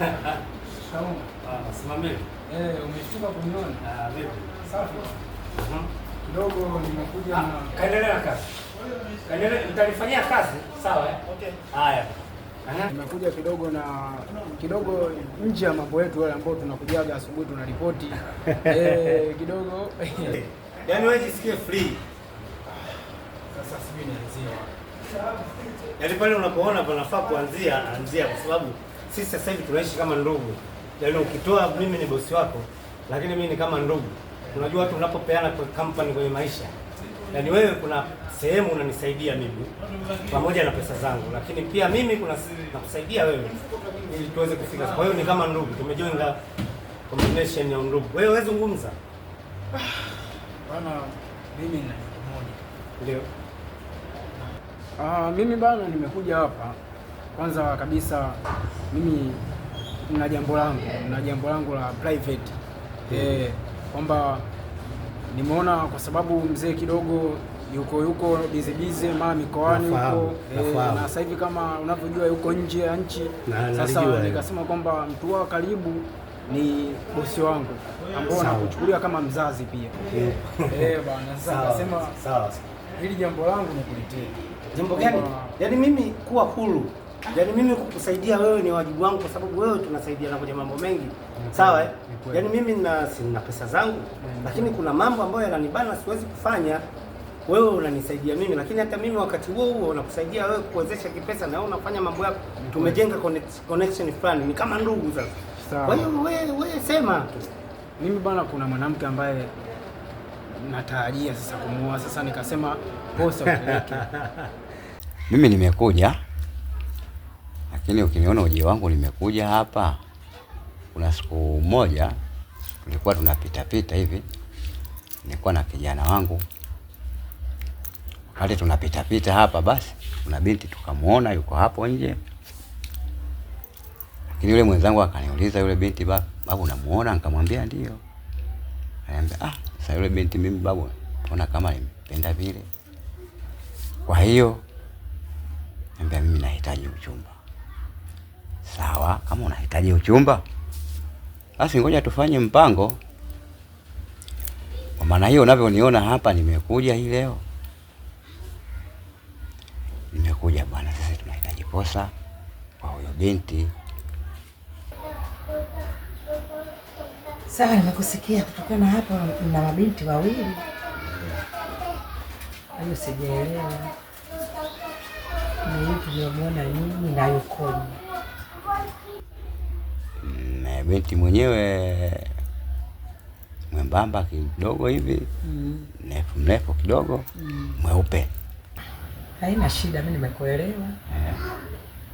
Ah, Simameni. Eh, kuniona? Ah, vipi? Safi. Kidogo nimekuja ah, na kaendelea kazi. Kaendelea, kazi? Sawa eh? Okay. Haya. Nimekuja kidogo na kidogo nje ya mambo yetu wale ambao tunakujaga asubuhi tuna Eh, kidogo. yani wewe jisikie free. Sasa sijui nianzie wapi. Yaani pale unapoona panafaa kuanzia, anzia kwa sababu sisi sasa hivi tunaishi kama ndugu. Yaani ukitoa mimi ni bosi wako, lakini mimi ni kama ndugu. Unajua watu unapopeana kwa company kwenye maisha. Yaani wewe kuna sehemu unanisaidia mimi pamoja na pesa zangu, lakini pia mimi kuna nakusaidia wewe ili tuweze kufika. Kwa hiyo ni kama ndugu, tumejenga combination ya ndugu. Wewe wewe zungumza. Bana mimi na ndio. Ah, mimi bana nimekuja hapa kwanza kabisa mimi na jambo langu na jambo langu la private mm. eh, kwamba nimeona kwa sababu mzee kidogo yuko yuko busy busy mara mikoani huko e, na sasa hivi kama unavyojua yuko nje ya nchi. Sasa nikasema kwamba mtu wa karibu ni bosi wangu ambao nakuchukulia kama mzazi pia mm. eh bwana. Sasa nikasema sawa, hili jambo langu nikuletee. Jambo gani? Yaani mimi kuwa huru Yaani mimi kukusaidia wewe ni wajibu wangu, kwa sababu wewe tunasaidiana kwenye mambo mengi, sawa eh? Yaani mimi na sina pesa zangu, lakini kuna mambo ambayo yananibana siwezi kufanya, wewe unanisaidia mimi, lakini hata mimi wakati huo huo unakusaidia wewe kuwezesha kipesa, na wewe unafanya mambo yako, tumejenga connection fulani, ni kama ndugu sasa. Kwa hiyo wewe wewe sema tu. Mimi bwana, kuna mwanamke ambaye natarajia sasa kumuoa, sasa nikasema posa. Mimi nimekuja lakini ukiniona uje wangu nimekuja hapa, kuna siku moja tulikuwa tunapita pita hivi, nilikuwa na kijana wangu. Wakati tunapita pita hapa, basi kuna binti tukamuona yuko hapo nje, lakini yule mwenzangu akaniuliza yule binti, babu, namuona? Nikamwambia ndio. Ananiambia ah, sasa yule binti mimi babu ona kama nimependa vile, kwa hiyo ambia mimi nahitaji uchumba. Sawa, kama unahitaji uchumba basi ngoja tufanye mpango. Kwa maana hiyo, unavyoniona hapa, nimekuja hii leo, nimekuja bwana, sisi tunahitaji posa kwa huyo binti. Sawa, nimekusikia. Kutokana hapa na mabinti wawili hayo, sijaelewa na hiyo tuliomwona nini na yukoje? Eh, binti mwenyewe mwembamba kidogo hivi mm. mrefu kidogo mm. mweupe. Haina shida, mimi nimekuelewa eh.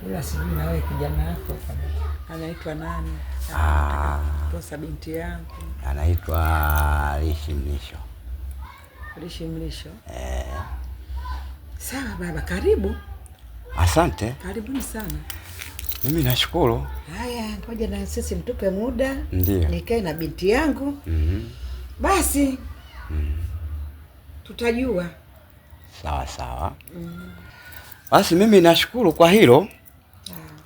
Ula sijui na wewe kijana wako anaitwa nani? Ah. Posa binti yangu anaitwa Lishi Mlisho. Lishi Mlisho eh. Sawa baba, karibu. Asante, karibuni sana. Mimi nashukuru. Haya, ngoja na sisi mtupe muda. Ndiyo. Nikae na binti yangu. Mm -hmm. Basi. Mm -hmm. Tutajua. Sawa sawa. Mm. Basi mimi nashukuru kwa hilo. Ah.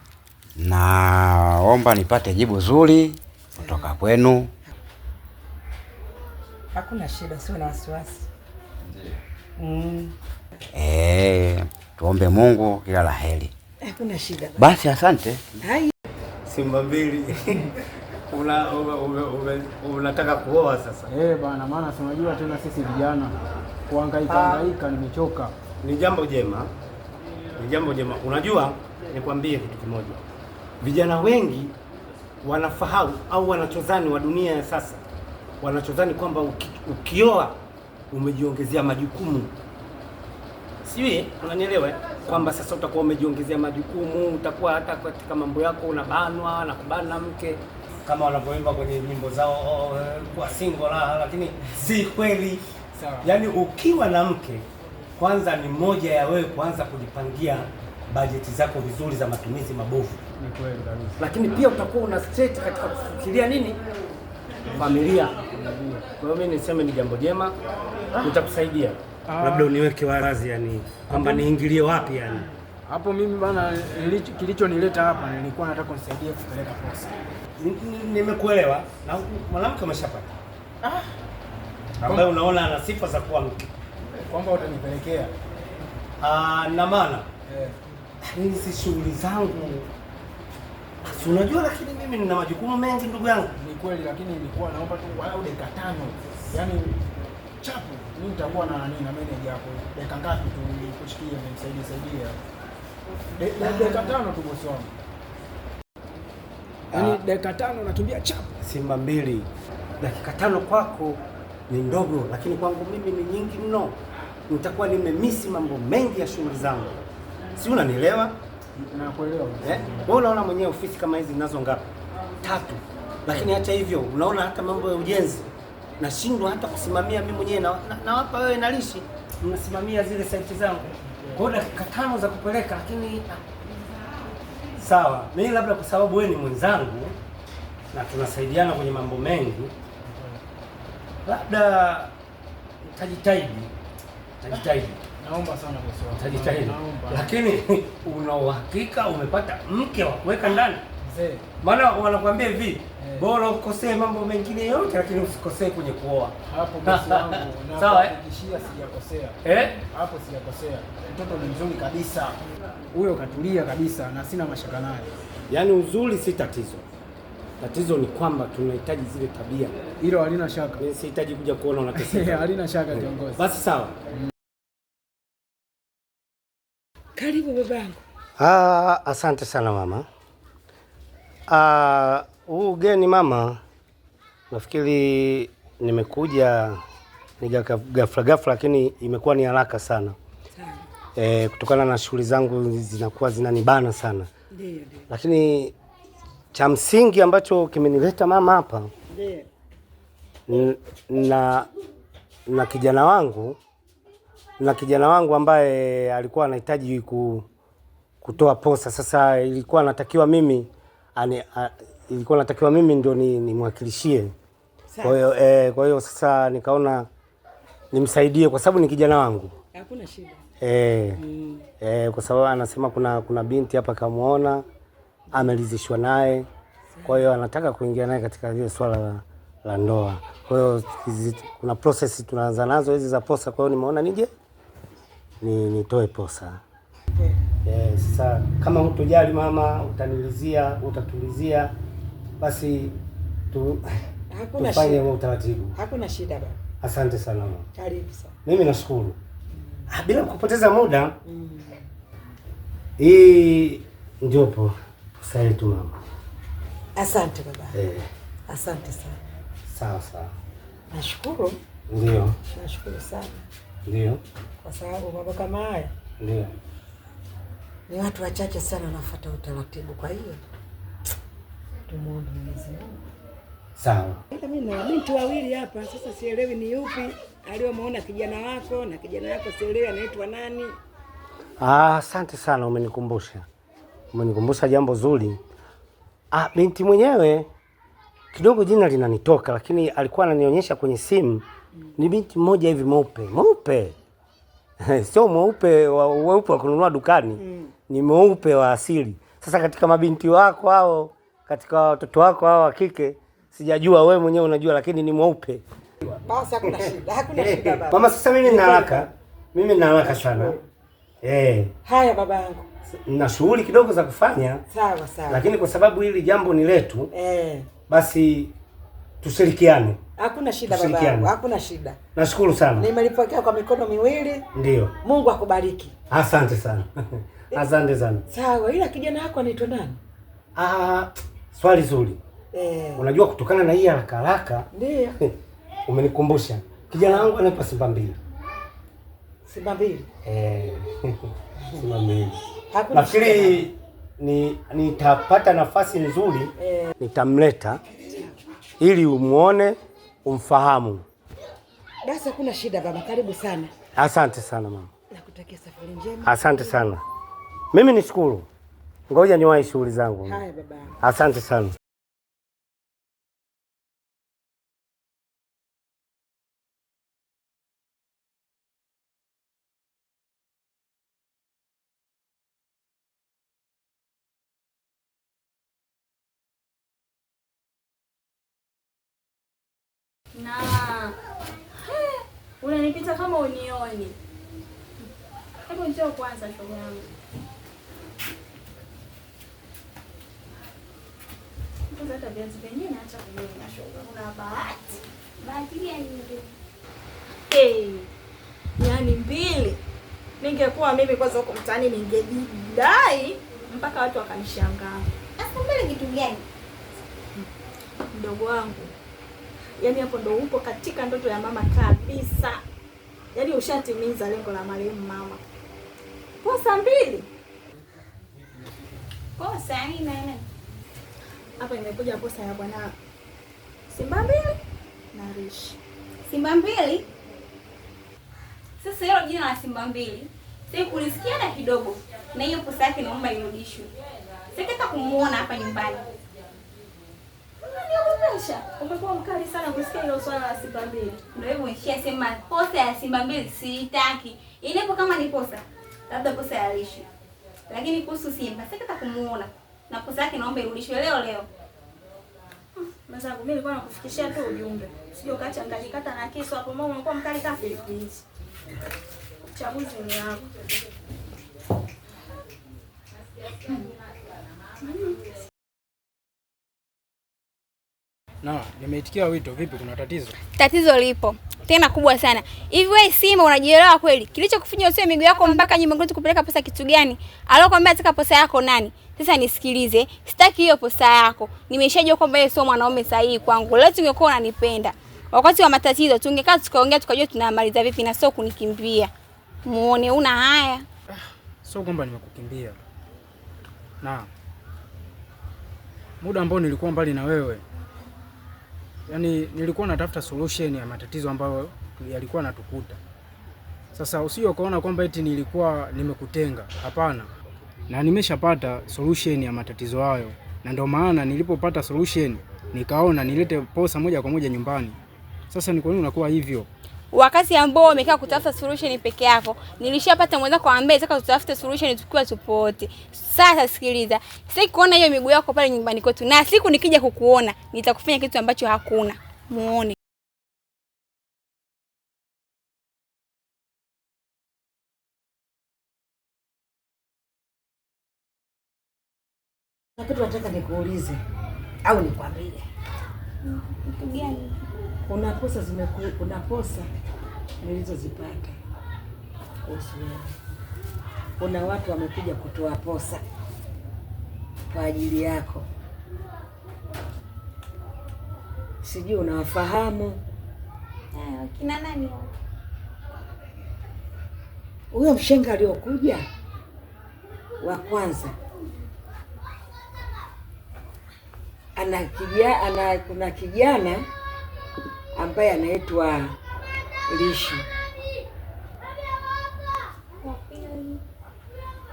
Naomba nipate jibu zuri kutoka eh. kwenu. Hakuna shida, sio na wasiwasi. Mm. Eh, tuombe Mungu kila la heri. Hakuna shida. Basi asante. Hai. Simba mbili. Una unataka kuoa sasa? Eh, bana maana si unajua tena sisi vijana kuhangaika ah. hangaika nimechoka. Ni jambo jema. Ni jambo jema. Unajua nikwambie kitu kimoja. Vijana wengi wanafahamu au wanachodhani wa dunia ya sasa. Wanachodhani kwamba ukioa umejiongezea majukumu. Sijui unanielewa? Eh? kwamba sasa utakuwa umejiongezea majukumu, utakuwa hata katika mambo yako unabanwa na kubana mke kama wanavyoimba kwenye nyimbo zao oh, oh, eh, kwa single la, lakini si kweli. Yaani ukiwa na mke kwanza, ni moja ya wewe kuanza kujipangia bajeti zako vizuri za matumizi mabovu, lakini pia utakuwa una straight katika kufikiria nini familia. Kwa hiyo mimi niseme ni jambo jema, nitakusaidia ah, labda uniweke wazi yani kwamba niingilie wapi yani hapo. Mimi bana, kilichonileta hapa nilikuwa nataka nisaidie kupeleka posa. Nimekuelewa na mwanamke ameshapata ah, ambaye unaona ana sifa za kuwa mke, kwamba utanipelekea ah, na maana eh. hizi yeah, shughuli zangu si unajua, lakini mimi nina majukumu mengi ndugu yangu. Ni kweli, lakini nilikuwa naomba tu dakika tano yani chapu mimi nitakuwa na nini na manager hapo, dakika ngapi tu nikushikie, nisaidie saidia, dakika tano tu bosi wangu, yaani, ah. dakika tano natumbia chapu Simba mbili, dakika tano kwako ni ndogo, lakini kwangu mimi ni nyingi mno. Nitakuwa nimemisi mambo mengi ya shughuli zangu, si unanielewa? Nakuelewa. Eh, wewe unaona mwenyewe ofisi kama hizi ninazo ngapi? Tatu. Lakini hata hivyo, unaona hata mambo ya ujenzi nashindwa hata kusimamia mimi mwenyewe, nawapa wewe nalishi, mnasimamia zile saiti zangu kwa dakika tano za kupeleka, lakini ah. sawa, mimi labda kwa sababu wewe ni mwenzangu na tunasaidiana kwenye mambo mengi, labda nitajitahidi, nitajitahidi naomba sana nitajitahidi, lakini una uhakika umepata mke wa kuweka ndani? Maana wanakuambia hivi Eh. Bora ukosee mambo mengine yote lakini usikosee kwenye kuoa. Hapo basi wangu sawa eh? Sijakosea. Eh? Hapo sijakosea. Mtoto ni mzuri kabisa. Huyo katulia kabisa na sina mashaka naye. Yaani uzuri si tatizo. Tatizo ni kwamba tunahitaji zile tabia. Hilo halina shaka. Mimi sihitaji kuja kuona unateseka. Halina shaka kiongozi. Basi sawa. Mm. Karibu babangu. Ah, asante sana mama. Ah, huu ugeni mama, nafikiri nimekuja ni ghafla ghafla, lakini imekuwa ni haraka sana e, kutokana na shughuli zangu zinakuwa zinanibana sana ndiyo. Lakini cha msingi ambacho kimenileta mama hapa na na kijana wangu na kijana wangu ambaye alikuwa anahitaji ku, kutoa posa. Sasa ilikuwa anatakiwa mimi ani, a, ilikuwa natakiwa mimi ndio nimwakilishie ni kwa hiyo eh, kwa hiyo sasa nikaona nimsaidie kwa sababu ni kijana wangu. Hakuna shida. Eh, mm. Eh, kwa sababu anasema kuna kuna binti hapa kamuona amelizishwa naye. Kwa hiyo anataka kuingia naye katika hiyo swala la, la ndoa. Kwa hiyo kuna process tunaanza nazo hizi za posa, kwa hiyo nimeona nije ni nitoe posa. Okay. Eh, sasa kama hutojali mama, utanilizia, utatulizia basi tu hakuna tufanye huo utaratibu. Hakuna shida baba. Asante sana mama. Karibu sana. Mimi nashukuru. Mm. Ah, bila kupoteza muda mm. Hii njopo sasa tu mama. Asante baba. Eh. Asante sana. Sawa sawa. Nashukuru. Ndio. Nashukuru sana. Ndio. Kwa sababu mambo kama haya. Ndio. Ni watu wachache sana wanafuata utaratibu kwa hiyo tumuombe Mwenyezi Mungu. Sawa. Mimi na binti wawili hapa sasa, sielewi ni yupi aliyomwona kijana wako, na kijana yako, sielewi anaitwa nani. Ah, asante sana, umenikumbusha umenikumbusha jambo zuri. Ah, binti mwenyewe kidogo jina linanitoka, lakini alikuwa ananionyesha kwenye simu Ni binti mmoja hivi mweupe mweupe sio mweupe wa, weupe wa kununua dukani mm. Ni mweupe wa asili. Sasa katika mabinti wako hao wa katika watoto wako hawa wa kike, sijajua wewe mwenyewe unajua, lakini ni mweupe. Basi hakuna shida, hakuna shida baba. Mama, sasa mimi nina haraka, mimi nina haraka sana. Eh, haya baba yangu, nina shughuli kidogo za kufanya. Sawa sawa, lakini kwa sababu hili jambo ni letu eh, basi tushirikiane. Hakuna shida baba yangu, hakuna shida. Nashukuru sana, nimelipokea kwa mikono miwili. Ndio, Mungu akubariki. Asante sana, asante sana. Sawa, ila kijana wako anaitwa nani? Ah Swali zuri. Eh. Unajua kutokana na hii haraka haraka. Ndio. Umenikumbusha. Kijana wangu anaitwa Simba mbili. Simba mbili. Eh. Simba mbili. Nafikiri ni nitapata nafasi nzuri eh, nitamleta ili umuone umfahamu. Basi hakuna shida baba, karibu sana. Asante sana mama. Nakutakia safari njema. Asante sana. Mimi ni shukuru. Ngoja niwahi shughuli zangu. Haya baba. Asante sana. Na unanipita kama unioni. Hebu njoo kwanza shughuli yangu. kutunza hata vyanzi vyenyewe na hata kujua mashoga. Una bahati. Bahati gani ndio? Eh. Yaani mbili. Ningekuwa mimi kwanza huko mtaani ningejidai mpaka watu wakanishangaa. Sasa mbele kitu gani? Mdogo wangu. Yaani hapo ndo upo katika ndoto ya mama kabisa. Yaani ushatimiza lengo la marehemu mama. Kosa mbili. Kosa ni nani? Hapa imekuja posa ya bwana Simba mbili na Rish. Simba mbili sasa, hilo jina la Simba mbili sasa kulisikia na kidogo, na hiyo posa yake naomba irudishwe. Sikata kumuona hapa nyumbani. Unaniogopesha. Umekuwa mkali sana kusikia hilo swala la Simba mbili. Ndio hivyo nishia sema posa ya Simba mbili sitaki. Inepo kama ni posa, labda posa ya Rishi. Lakini kuhusu Simba sikitaka kumuona na pesa yake naomba irudishwe leo leo. Mwenzangu hmm, mimi nilikuwa nakufikishia tu ujumbe. Sio kacha ngajikata na kisu hapo mama unakuwa mkali kafiri. Uchaguzi ni wako. Hmm. Na nimeitikia wito, vipi kuna tatizo? Tatizo lipo tena kubwa sana. Hivi wewe Simba unajielewa kweli? Kilichokufanya usiwe miguu yako mpaka nyuma kwetu kupeleka pesa kitu gani? Aliyokuambia ataka posa yako nani? Sasa nisikilize, sitaki hiyo posa yako. Nimeshajua kwamba yeye sio mwanaume sahihi kwangu. Leo tungekuwa unanipenda. Wakati wa matatizo tungekaa tukaongea tukajua tunamaliza vipi na sio kunikimbia. Muone una haya. sio kwamba nimekukimbia. Naam. Muda ambao nilikuwa mbali na wewe yani nilikuwa natafuta solution ya matatizo ambayo yalikuwa natukuta. Sasa usio kaona kwamba eti nilikuwa nimekutenga, hapana, na nimeshapata solution ya matatizo hayo, na ndio maana nilipopata solution nikaona nilete posa moja kwa moja nyumbani. Sasa ni kwa nini unakuwa hivyo? wakati ambao wamekaa kutafuta solution peke yako, nilishapata mwenzako ambaye nataka tutafute solution tukiwa tupo wote. Sasa sikiliza, sitaki kuona hiyo miguu yako pale nyumbani kwetu, na siku nikija kukuona nitakufanya kitu ambacho hakuna muone. Kitu nataka nikuulize au nikwambie kitu gani? Unakosa zimeku unakosa nilizozipata kuhusu wewe. Kuna watu wamekuja kutoa posa kwa ajili yako, sijui unawafahamu eh, kina nani? Huyo mshenga aliyokuja wa kwanza ana kijana, ana kuna kijana ambaye anaitwa Lishi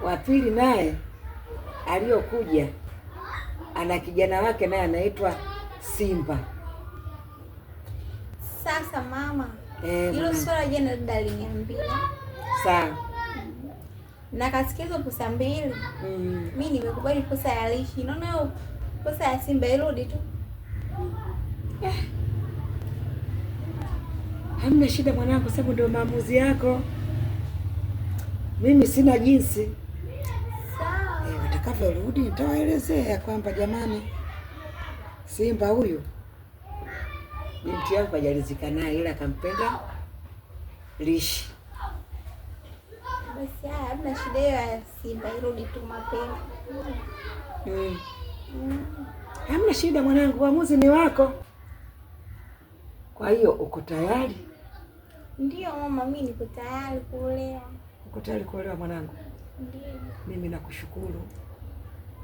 wa pili, naye aliyokuja ana kijana wake naye anaitwa Simba. Sasa mama, eh, hilo swala jana dada aliniambia sawa na kasikia hizo pesa mbili. Mm. Mimi nimekubali pesa ya Lishi, naona Kosa ya Simba irudi tu. Hamna shida mwanangu, sababu ndio maamuzi yako. Mimi sina jinsi. Sawa. Eh, watakavyorudi nitawaelezea kwamba jamani, Simba huyu binti yangu hajalizika naye, ila akampenda Lishi. Basi hamna shida ya Simba irudi tu mapema. Mm. Hamna shida mwanangu, uamuzi ni wako. Kwa hiyo uko tayari? Ndio mama, mimi niko tayari kuolewa. Uko tayari kuolewa mwanangu? Ndio. Mimi nakushukuru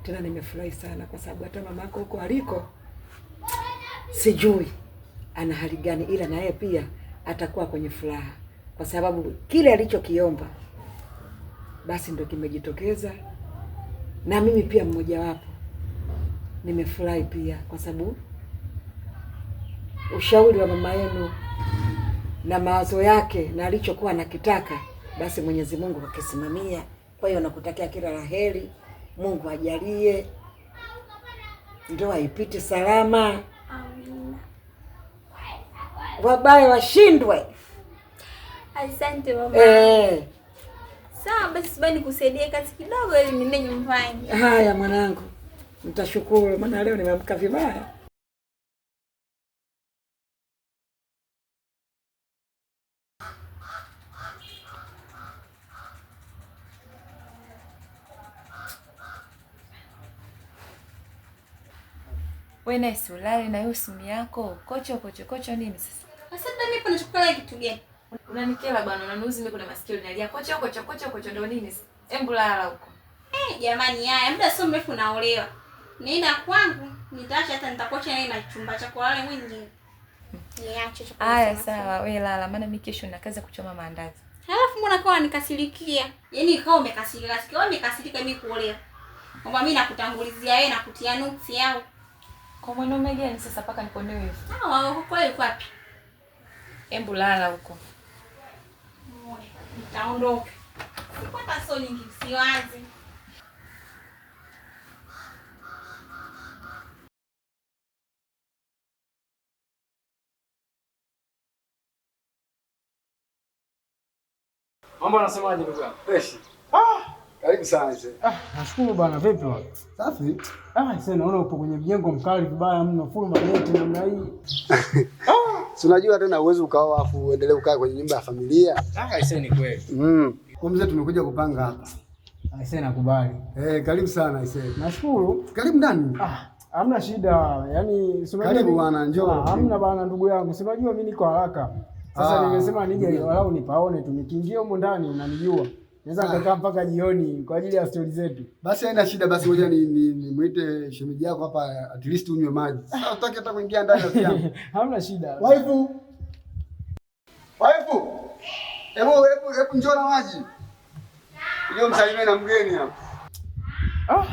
tena, nimefurahi sana kwa sababu hata mama yako huko aliko sijui ana hali gani, ila na yeye pia atakuwa kwenye furaha kwa sababu kile alichokiomba basi ndo kimejitokeza, na mimi pia mmojawapo nimefurahi pia kwa sababu ushauri wa mama yenu na mawazo yake na alichokuwa nakitaka basi Mwenyezi Mungu akisimamia. Kwa hiyo nakutakia kila la heri, Mungu ajalie ndoa ipite salama, wabaya washindwe. Asante mama. Eh. Sawa basi, bani kusaidia kazi kidogo ili niende nyumbani. Haya mwanangu. Mtashukuru maana leo nimeamka vibaya. Wewe na sulale na hiyo simu yako kocho kocho kocho nini sasa? Sasa mimi kuna chukula kitu gani? Unanikela bwana, unanuzi mimi kuna masikio nalia. Kocho kocho kocho kocho ndio nini sasa? Hebu lala huko. Eh, jamani haya, muda sio mrefu naolewa. Nina kwangu nitaacha hata nitakocha yeye na chumba cha wale mwenyewe. Niache chakula. Haya sawa, wewe lala maana mimi kesho nina kazi ya kuchoma maandazi. Halafu mbona kwa nikasirikia? Yaani kwa umekasirika. Sikio umekasirika mimi kuolea. Kwamba mimi nakutangulizia wewe na kutia nuksi yao. Kwa mwanaume gani sasa paka nikonewe hivi? Ah, huko yuko wapi? Embu lala huko. Nitaondoka. Sipata soli ngisi wazi. Mambo anasemaje ndugu yangu? Fresh. Ah, karibu sana mzee. Ah, nashukuru bwana, vipi wapi? Safi. Ah, sasa naona upo kwenye mjengo mkali vibaya mno, full mageti namna hii. Ah, si unajua tena uwezi ukaoa afu uendelee kukaa kwenye nyumba ya familia. Ah, sasa ni kweli. Mm. Kwa mzee tumekuja kupanga hapa. Ah, nakubali. Eh, karibu sana sasa. Nashukuru. Karibu ndani. Ah. Hamna shida. Yaani, si Karibu bwana, njoo. Ah, hamna bwana ndugu yangu. Si mimi niko haraka. Sasa ah. nimesema nije Walau nipaone tu, nikiingia huko ndani unanijua. Naweza ah. nikakaa mpaka jioni kwa ajili ya stori zetu. Basi haina shida, basi ngoja ni, ni, ni mwite shemeji yako hapa at least unywe maji. Sasa utaki hata kuingia ndani rafiki yangu. Hamna shida. Waifu. Waifu. Hebu hebu hebu njoo na maji. Ndio msalimie na mgeni hapa. Ah,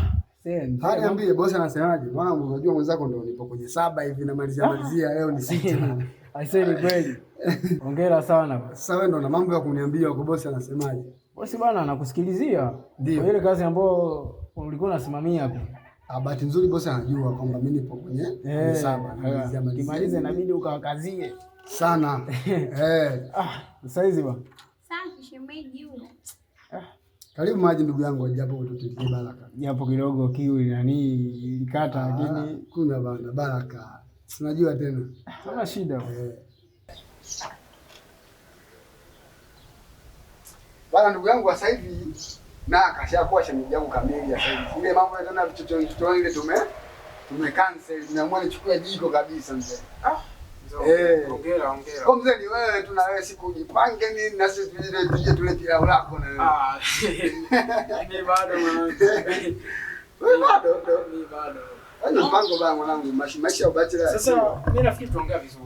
send. Hadi ambie bosi anasemaje? Maana unajua mwenzako ndio nipo kwenye saba hivi namalizia ah. malizia leo ni sita. Aisee, ni kweli. Hongera sana. sawa. ndo na mambo ya kuniambia huko bosi anasemaje? Bosi bwana anakusikilizia. Ndio. Ile kazi ambayo ulikuwa unasimamia hapo. Ah, bahati nzuri bosi anajua kwamba mimi nipo kwenye hey, eh, saba. Eh, kimalize na inabidi ukawakazie sana. Eh. Ah, sasa hizi bwana. Safi shemeji huyo. Ah. Karibu maji ndugu yangu, japo ututie baraka. Japo kidogo kiu nani ilikata, lakini ah, kuna bana baraka. Sinajua tena. Sasa shida. Eh. Bana ndugu yangu sasa hivi na kashakuwa shemeji yangu kamili sasa hivi. Ile mambo ya tena vichochoro ile tume tume cancel mwana chukua jiko kabisa mzee. Ah. Eh, Kwa mzee ni wewe tu na wewe siku jipange nini na sisi tuje tuje tule na wewe. Ah. bado mwanangu. Wewe bado. bado. Yaani ndio mpango bwana mwanangu, maisha ya ubachela. Sasa mimi nafikiri tuongea vizuri.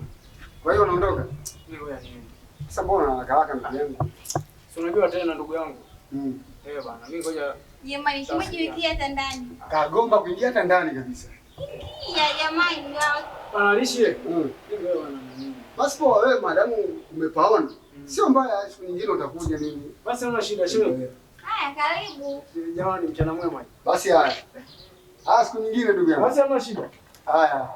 Kwa hiyo unaondoka? Mimi ngoja niende. Sasa mbona unakaraka ndugu yangu? Si unajua tena ndugu yangu. Mm. Eh bwana, mimi ngoja. Jamani, simejiwekea hata ndani. Kagomba kuingia hata ndani kabisa. Ya jamani. Bwana lishe. Mm. Basi poa wewe madamu umepaona. Mm. Sio mbaya, siku nyingine utakuja mimi. Basi una shida shida. Eh. Haya, karibu. Jamani, mchana mwema. Basi haya. Ah, siku nyingine ndugu yangu. Basi hamna shida. Haya.